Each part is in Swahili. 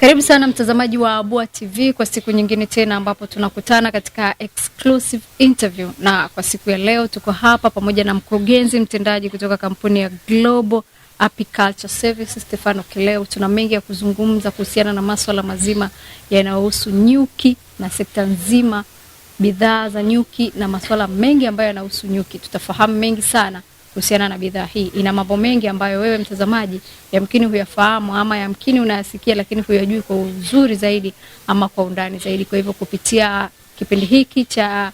Karibu sana mtazamaji wa Abua TV kwa siku nyingine tena ambapo tunakutana katika exclusive interview, na kwa siku ya leo tuko hapa pamoja na mkurugenzi mtendaji kutoka kampuni ya Global Apiculture Services Stefano Kileo. Tuna mengi ya kuzungumza kuhusiana na masuala mazima yanayohusu nyuki na sekta nzima, bidhaa za nyuki na masuala mengi ambayo yanahusu nyuki. Tutafahamu mengi sana kuhusiana na bidhaa hii. Ina mambo mengi ambayo wewe mtazamaji yamkini huyafahamu ama yamkini unayasikia, lakini huyajui kwa uzuri zaidi ama kwa undani zaidi. Kwa hivyo kupitia kipindi hiki cha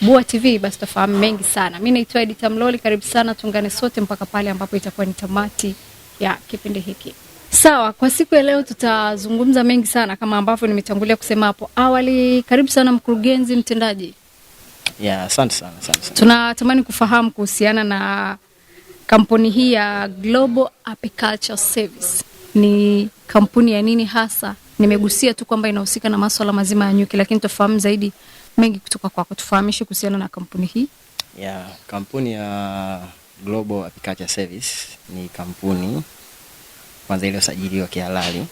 Bua TV basi tafahamu mengi sana. Mimi naitwa Edita Mloli, karibu sana tuungane sote mpaka pale ambapo itakuwa ni tamati ya kipindi hiki. Sawa, kwa siku ya leo tutazungumza mengi sana kama ambavyo nimetangulia kusema hapo awali. Karibu sana mkurugenzi mtendaji. Yeah, asante sana, asante sana. Tunatamani kufahamu kuhusiana na kampuni hii ya Global Apiculture Service. Ni kampuni ya nini hasa? Nimegusia tu kwamba inahusika na masuala mazima ya nyuki, lakini tufahamu zaidi mengi kutoka kwako. Tufahamishe kuhusiana na kampuni hii. Yeah, kampuni ya Global Apiculture Service ni kampuni kwanza iliyosajiliwa kihalali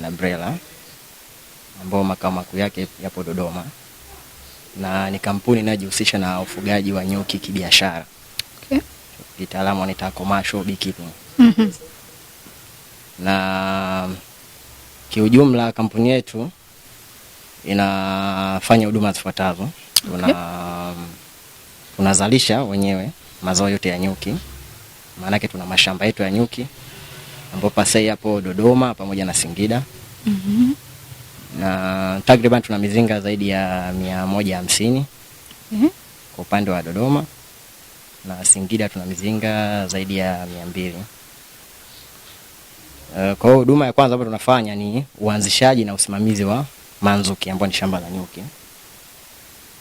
na BRELA ambao makao makuu yake yapo Dodoma na ni kampuni inayojihusisha na ufugaji wa nyuki kibiashara. Okay. Kitaalamu wanaita commercial beekeeping. Mm -hmm. Na kiujumla kampuni yetu inafanya huduma zifuatazo. Tuna okay. Tunazalisha wenyewe mazao yote ya nyuki, maanake tuna mashamba yetu ya nyuki ambapo pasei hapo Dodoma pamoja na Singida. Mm -hmm na takriban tuna mizinga zaidi ya mia moja hamsini mm -hmm. kwa upande wa Dodoma na Singida tuna mizinga zaidi ya mia mbili. Uh, kwa hiyo huduma ya kwanza ambayo tunafanya ni uanzishaji na usimamizi wa manzuki ambayo ni shamba la nyuki.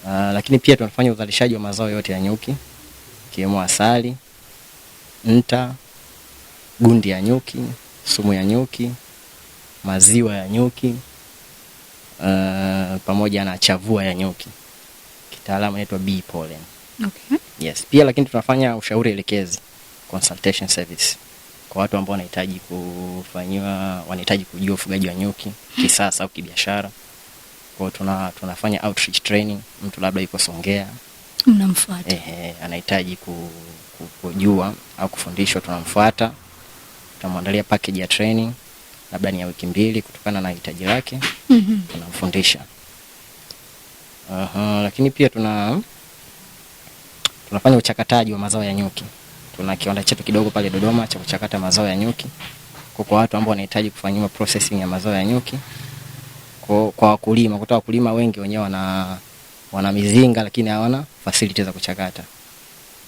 Uh, lakini pia tunafanya uzalishaji wa mazao yote ya nyuki ikiwemo asali, nta, gundi ya nyuki, sumu ya nyuki, maziwa ya nyuki uh, pamoja na chavua ya nyuki, kitaalamu inaitwa bee pollen. Okay. Yes. Pia lakini tunafanya ushauri elekezi consultation service kwa watu ambao wanahitaji kufanyiwa, wanahitaji kujua ufugaji wa nyuki kisasa au kibiashara. Kwa tuna tunafanya outreach training, mtu labda yuko Songea mnamfuata, eh, anahitaji ku, ku, kujua au kufundishwa, tunamfuata, tunamwandalia package ya training labda ni ya wiki mbili kutokana na hitaji lake mm -hmm. uh-huh. lakini pia tuna tunafanya uchakataji wa mazao ya nyuki. Tuna kiwanda chetu kidogo pale Dodoma cha kuchakata mazao ya nyuki kwa watu ambao wanahitaji kufanyiwa processing ya mazao ya nyuki kwa kwa wakulima, kutoa wakulima wengi wenyewe wana wana mizinga lakini hawana facility za kuchakata.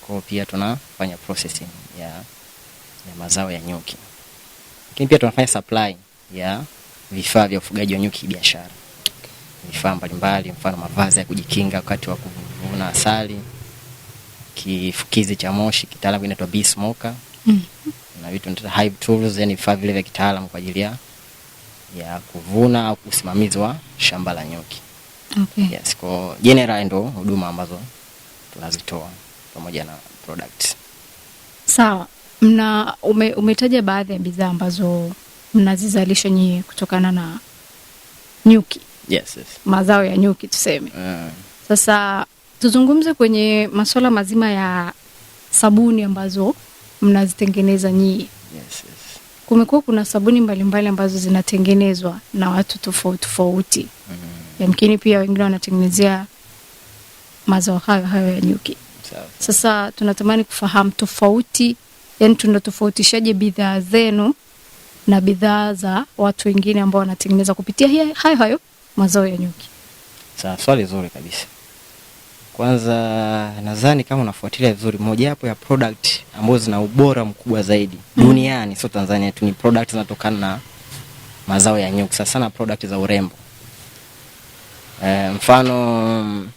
Kwa pia tunafanya processing ya, ya mazao ya nyuki lakini pia tunafanya supply ya vifaa vya ufugaji wa nyuki biashara, vifaa mbalimbali, mfano mavazi ya kujikinga wakati wa kuvuna asali, kifukizi cha moshi kitaalamu kinaitwa bee smoker mm -hmm. na vitu ndio hive tools, yani vifaa vile vya kitaalamu kwa ajili ya ya kuvuna au usimamizi wa shamba la nyuki. Okay. Yes, kwa general ndo huduma ambazo tunazitoa pamoja na products. Sawa mna ume, umetaja baadhi ya bidhaa ambazo mnazizalisha nyie kutokana na nyuki yes, yes. mazao ya nyuki tuseme uh. Sasa tuzungumze kwenye masuala mazima ya sabuni ambazo mnazitengeneza nyie. Yes, yes. Kumekuwa kuna sabuni mbalimbali mbali ambazo zinatengenezwa na watu tofauti tofauti mm. Yamkini pia wengine wanatengenezea mazao hayo hayo ya nyuki. Sasa tunatamani kufahamu tofauti yani tunatofautishaje bidhaa zenu na bidhaa za watu wengine ambao wanatengeneza kupitia hayo hayo mazao ya nyuki? Sawa, swali zuri kabisa. Kwanza nadhani kama unafuatilia vizuri, mojawapo ya product ambazo zina ubora mkubwa zaidi mm-hmm. duniani sio Tanzania tu, ni product zinatokana na mazao ya nyuki, sana sana product za urembo e, mfano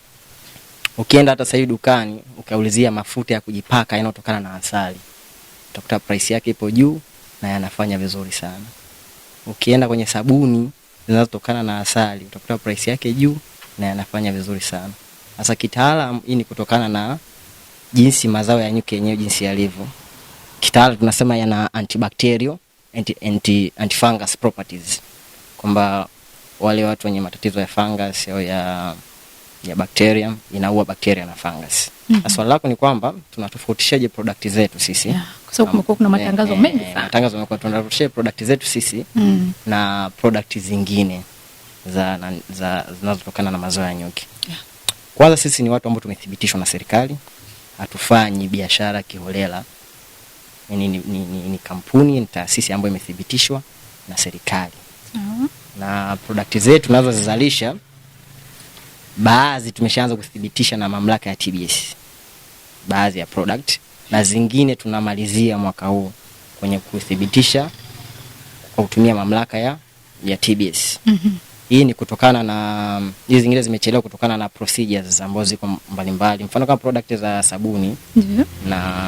ukienda hata sasa hivi dukani ukaulizia mafuta ya kujipaka yanayotokana na asali utakuta price yake ipo juu na yanafanya vizuri sana. Ukienda kwenye sabuni zinazotokana na asali utakuta price yake juu na yanafanya vizuri sana. Sasa kitaalamu, hii ni kutokana na jinsi mazao ya nyuki yenyewe jinsi yalivyo. Kitaalamu tunasema yana antibacterial anti, anti, antifungus properties, kwamba wale watu wenye matatizo ya fungus au ya ya bakteria inaua bacteria na fungus. Mm -hmm. Swali lako ni kwamba tunatofautishaje product zetu sisi? Yeah kwa sababu kumekuwa kuna matangazo e, mengi eh, sana. Matangazo yamekuwa tunarushia product zetu sisi mm. na product zingine za zinazotokana na, na mazao ya nyuki yeah. Kwanza sisi ni watu ambao tumethibitishwa na serikali, hatufanyi biashara kiholela. Ni, ni, ni, ni kampuni ni taasisi ambayo imethibitishwa na serikali mm-hmm. Na product zetu tunazozizalisha baadhi tumeshaanza kuthibitisha na mamlaka ya TBS, baadhi ya product na zingine tunamalizia mwaka huu kwenye kuthibitisha kwa kutumia mamlaka ya, ya TBS. mm -hmm. Hii ni kutokana na hizi zingine zimechelewa kutokana na procedures ambazo ziko mbalimbali, mfano kama product za sabuni mm -hmm. na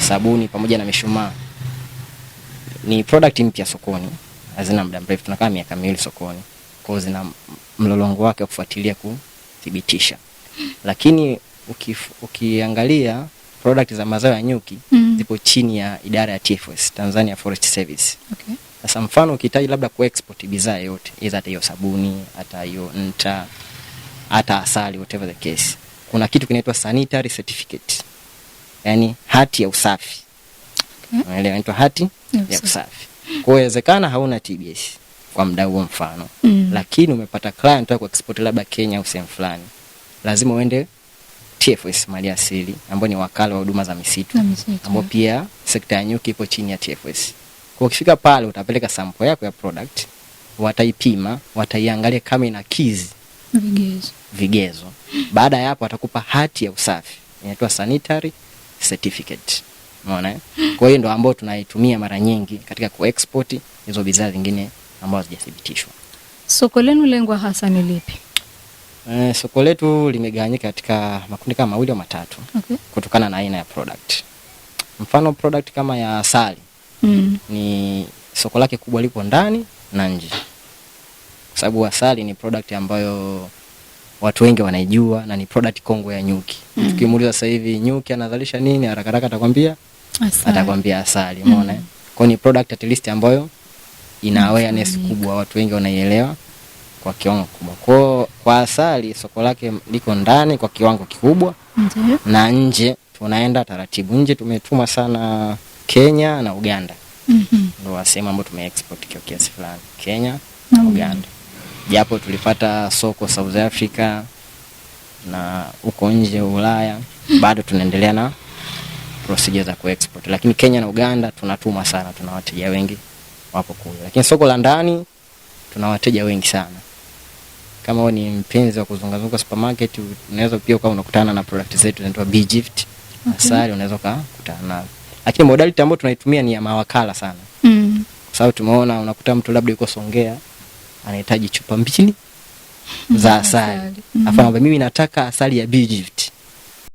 sabuni pamoja na mishumaa ni product mpya sokoni, hazina muda mrefu, tunakaa miaka miwili sokoni, kwa hiyo zina mlolongo wake wa kufuatilia kuthibitisha, lakini ukiangalia product za mazao ya nyuki mm. zipo chini ya idara ya TFS, Tanzania Forest Service. Okay. Sasa mfano ukihitaji labda kuexport bidhaa yote, iza hata hiyo sabuni, hata hiyo nta, hata asali, whatever the case. Kuna kitu kinaitwa sanitary certificate. Yaani hati ya usafi. Unaelewa, okay. Inaitwa hati yes. ya usafi. Kwa inawezekana hauna TBS kwa muda huo mfano. Mm. Lakini umepata client wako export labda Kenya au sehemu fulani. Lazima uende TFS mali asili ambao ni wakala wa huduma za misitu, ambao pia sekta ya nyuki ipo chini ya TFS. Kwa ukifika pale utapeleka sample yako ya product, wataipima, wataiangalia kama inakidhi vigezo. Vigezo. Baada ya hapo watakupa hati ya usafi. Inaitwa sanitary certificate. Unaona? Eh? Kwa hiyo ndo ambao tunaitumia mara nyingi katika kuexport hizo bidhaa zingine ambazo hazijathibitishwa. Soko lenu lengwa hasa ni lipi? Eh, soko letu limegawanyika katika makundi kama mawili au matatu okay. Kutokana na aina ya product. Mfano product kama ya asali mm. Ni soko lake kubwa lipo ndani na nje, kwa sababu asali ni product ambayo watu wengi wanaijua na ni product kongwe ya nyuki mm. Tukimuuliza sasa hivi nyuki anazalisha nini, haraka haraka atakwambia asali, atakwambia asali, mm. umeona mm. Kwa ni product at least ambayo ina awareness kubwa, watu wengi wanaielewa kwa kiwango kikubwa. Kwa kwa asali soko lake liko ndani kwa kiwango kikubwa Ndiyo. na nje tunaenda taratibu. Nje tumetuma sana Kenya na Uganda mm -hmm. ndio wasema ambao tumeexport kwa kiasi fulani Kenya na mm -hmm. Uganda, japo tulipata soko South Africa na huko nje Ulaya bado tunaendelea na procedure za kuexport, lakini Kenya na Uganda tunatuma sana, tuna wateja wengi wapo kule, lakini soko la ndani tuna wateja wengi sana. Kama ni mpenzi wa kuzungazunga supermarket, unaweza pia ukawa unakutana na product zetu zinaitwa Bee Gift. Asali unaweza ukakutana nayo. Lakini modality ambayo tunaitumia ni ya mawakala sana. Mm. Kwa sababu tumeona unakuta mtu labda yuko Songea anahitaji chupa mbili za mm, asali. Afa, mm. mimi nataka asali ya Bee Gift.